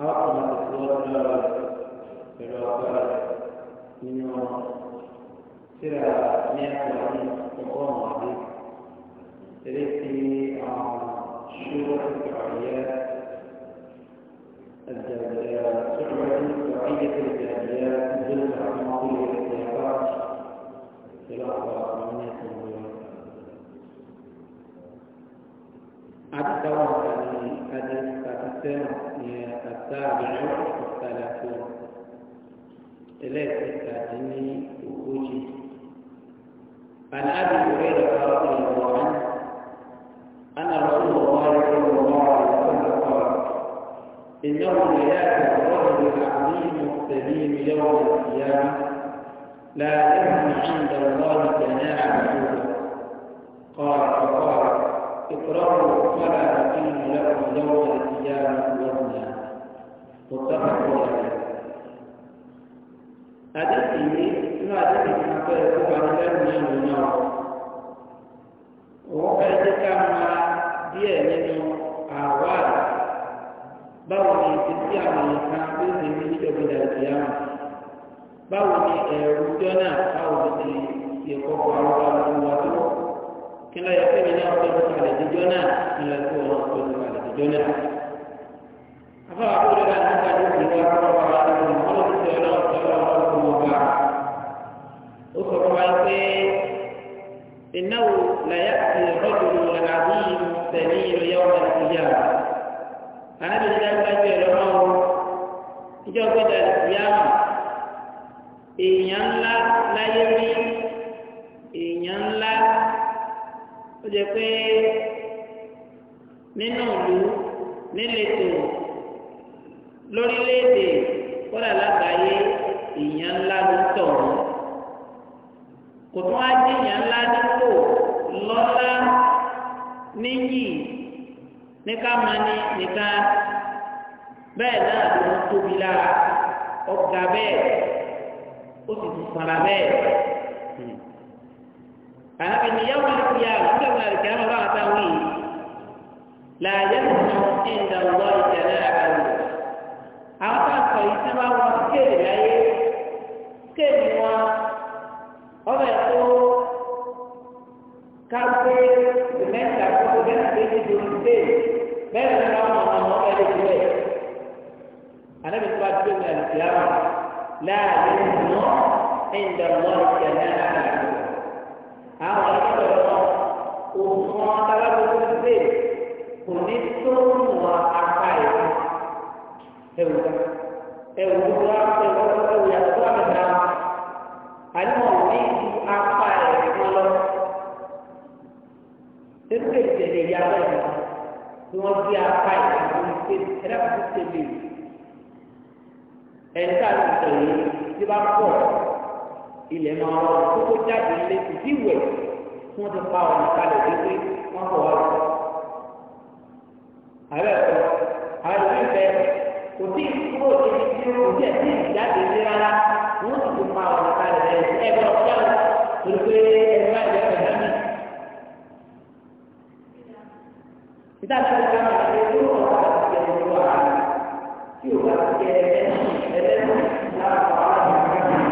أقم الصلاة بالوقت من سرى مئة وعين وقوم عليك التي شورى الدعويات الدعويات شورى الدعوية الدعويات ظل الماضي والسيارات في الأخبار من يكون السنة السابع والثلاثون إليك الثاني وجي عن أبي هريرة رضي الله عنه أن رسول الله صلى الله عليه وسلم قال إنه ليأتي الرجل العظيم السليم يوم القيامة لا يهم عند الله جناح قال فقال اقرأوا فلا يحل لكم يوم القيامة وزنا متفق عليه حديث ما حديث ما فيه عن الأمن والنار وقد ذكرنا díẹ̀ nínú àwa báwo ni ìfisí àwọn nǹkan tó ń sinmi níjọba ìdàgbé àwọn báwo ni ẹ̀rù jọ́nà báwo ni ìyẹ̀kọ́ pọ̀ àwọn ọmọ wa tó kí ló yẹ kébi ní ọkọ ìfọkànlẹ̀ jíjọ náà kí ló yẹ kó wọn kó ìfọkànlẹ̀ jíjọ náà. afọwọ́ àkókò náà nípa ní ìlú akọ́kọ́ wa ní ọlọ́sẹ̀ ọlọ́sẹ̀ ọlọ́sẹ̀ ọba. ó sọ fún wa pé ìnáwó làyà àti ìrọ́jòló làbí tẹ̀lé ìrọ̀yàwó àti ìyá. àárín ìdájọ́ ìrọ̀mọ́ ìjọba ìdàgbìyàwó èèyàn ńlá láyé rí jẹ́ pé nínú ìlú níletò lórílẹ̀-èdè kódà lágbàáyé èèyàn ńlá ló ń tọ̀ ọ́ kò tún á dé èèyàn ńlá nípò lọ́lá níyì ní ká máa ní bẹ́ẹ̀ náà ló ń tóbi lára ọ̀gá bẹ́ẹ̀ ó sì ti sara bẹ́ẹ̀. فهذا من يوم القيامة كما الكلام راى تأويل لا يمنع عند الله جناح àwọn àtọ̀ yìí tí wọ́n wọ́n kéèrè láyé kéèrè wọn ọbẹ̀ tó kápé mẹ́ta tó bẹ́ẹ̀ kéde lórí déè bẹ́ẹ̀ ni wọ́n mọ̀ ọ́n ọbẹ̀ lè jù ẹ̀. àlẹ́ tó bá dúró ní àlùfíà wọn láàyè nù ẹ̀yìn dàrú wọn ìjà náà àlàyé. àwọn akẹ́kọ̀ọ́ náà òfin wọn alábòókú sílẹ̀ kò ní tó mú wọn apá ẹ̀ ẹ̀wù ẹ̀wù gbogbo ẹ̀wù ẹ̀wù yàtọ̀ tó àmì náà ànímọ̀ òní ju apá ẹ̀ wọn lọ tẹ́tẹ́ ìtẹ̀lé ìyá bẹ́ẹ̀ náà tí wọ́n gbé apá ẹ̀ wọn ní pé ẹ̀dá kò tẹ̀lé ẹ̀ńtà ìtẹ̀lé tí bá pọ̀ ilẹ̀ máa wọ kókó jáde ilé ìdí ìwẹ̀ tí wọ́n ti pa ọ̀nà kalẹ̀ dédé wọ́n bọ̀ wá lọ. ààrẹ ọ̀sán ààrẹ ìfẹ́ kò tí ì kúrò níbi tí kò tí ì tí ì rárá wọ́n sì ti pa ọ̀nà kalẹ̀ dédé ẹgbẹ́ ọ̀sán ló pé ẹgbẹ́ ẹgbẹ́ ẹgbẹ́ mi. ìta tí wọ́n ká máa ṣe é ló wà láti ẹni tó wà á tí ò bá ti kẹ ẹgbẹ́ ẹgbẹ́ mi láti pa ọ̀nà kalẹ̀ dédé.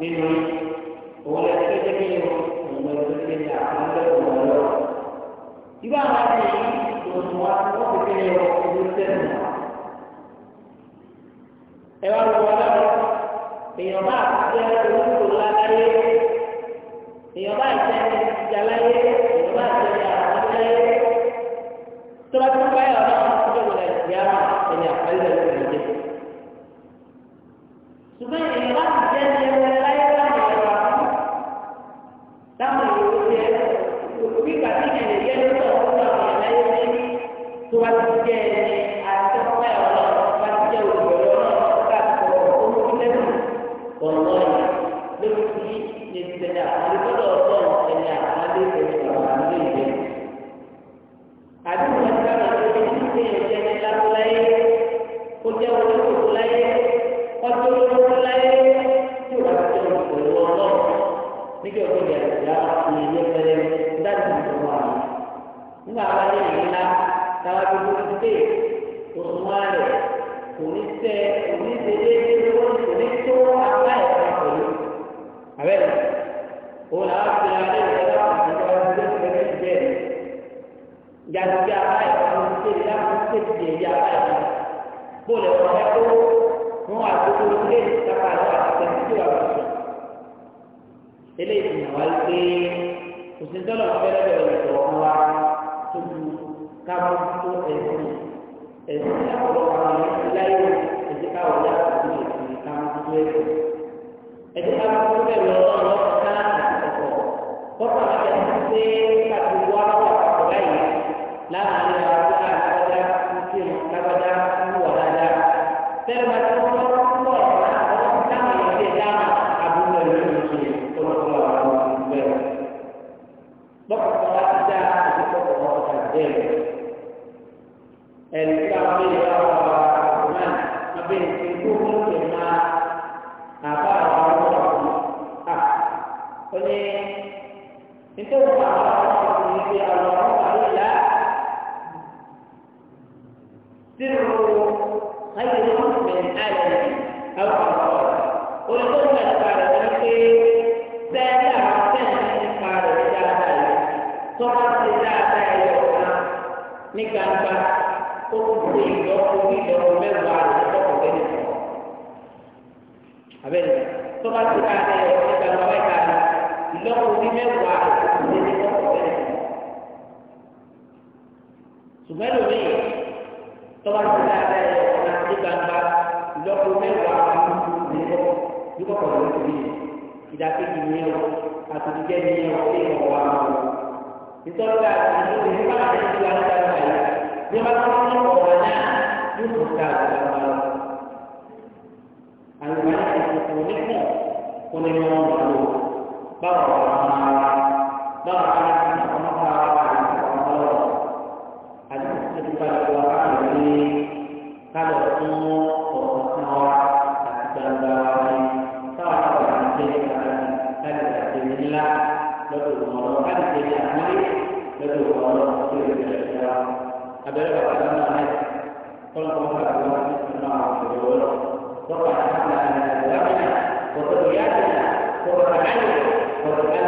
nínú òun lè ṣe jẹ́ nínú òun lè ṣe ní àwọn ọ̀dọ́ ìwà lọ. Ìgbà àwọn àti ìlú wa wọ́n ti fi ní ọdún sẹ́nu. Ẹ wá lọ wọlé èèyàn máa ti jẹ́ kálukú ti dé òṣùwọ̀n rẹ̀ kò ní tẹ kò ní ṣe déédéé lọ́wọ́ kò ní tó apá ẹ̀ka pẹ̀lú. Àbẹ̀rẹ̀ òun làwọn fi alẹ́ ìrẹ́lẹ́ àti ìjọba ìgbẹ́ ìgbẹ́ ìgbẹ́ rẹ̀. Ìjàdùkẹ́ apá ẹ̀ka ló ń ṣe láti ṣe ti ẹ̀yẹ apá ẹ̀ka. Bóòlù ẹ̀kọ́ ẹ̀ tó wọn àgbókò ìtàkà àti àtẹ̀sí tí wà lọ́sọ̀. Eléyìí fi hàn wá pé òṣìṣẹ́ lọ́wọ́ fẹ́rẹ́ bẹ̀rẹ̀ ìtọ̀ káwọn tó ẹ̀sìn ẹ̀sìn ọ̀pọ̀lọpọ̀ àwọn ẹ̀sìn láyé ẹ̀sìn káwọn ọ̀dà àti ẹ̀sìn káwọn tó ẹ̀sìn ẹ̀sìn káwọn tó bẹ̀rẹ̀ ọ̀rọ̀ ká àtẹ̀kọ̀ bọ́pọ̀ àtẹ̀kọ̀ pé káàtó wá wà pàtó báyìí láàárín àwọn àgbàdá ń kírun lágbàdá ń wà láàárín ní gbangba ó kú ìlọ́kùnrin ìlọ́kùnrin mẹ́wàá rẹ̀ abẹ́rẹ́ tó bá ti dáadé ẹgbẹ́ ọ̀rọ̀ ẹ̀ka rẹ̀ ìlọ́kùn ní mẹ́wàá ìdílé ní kọ́kọ́ bẹ̀rẹ̀. ṣùgbọ́n lómi tó bá ti dáadé ọ̀nà ní gbangba ìlọ́kùn mẹ́wàá ìdílé ní kọ́kọ́ bẹ̀rẹ̀ ní ìdákéjì ní ẹ̀rọ àtúndíjẹ́ ní ẹ̀rọ ní ìwọ̀ wa mọ̀. ìtọ́jà ìlú ìfipá àti ìlú àti ìlú àyè ní wọ́n bá tó ń الملائكة والنساء قل يوم معلوم بارك الله بارك الله ومضى قال الأمور والأسماء السماوات صار عن ذلك أن تأتي الله لدو الله أن تأتي أمري لدو الله تأتي الأشياء أبلغ أن أنا قلت الله أن أنا أعلم وقد حمل على أزواجنا وذرياتنا قرة عين واجعلنا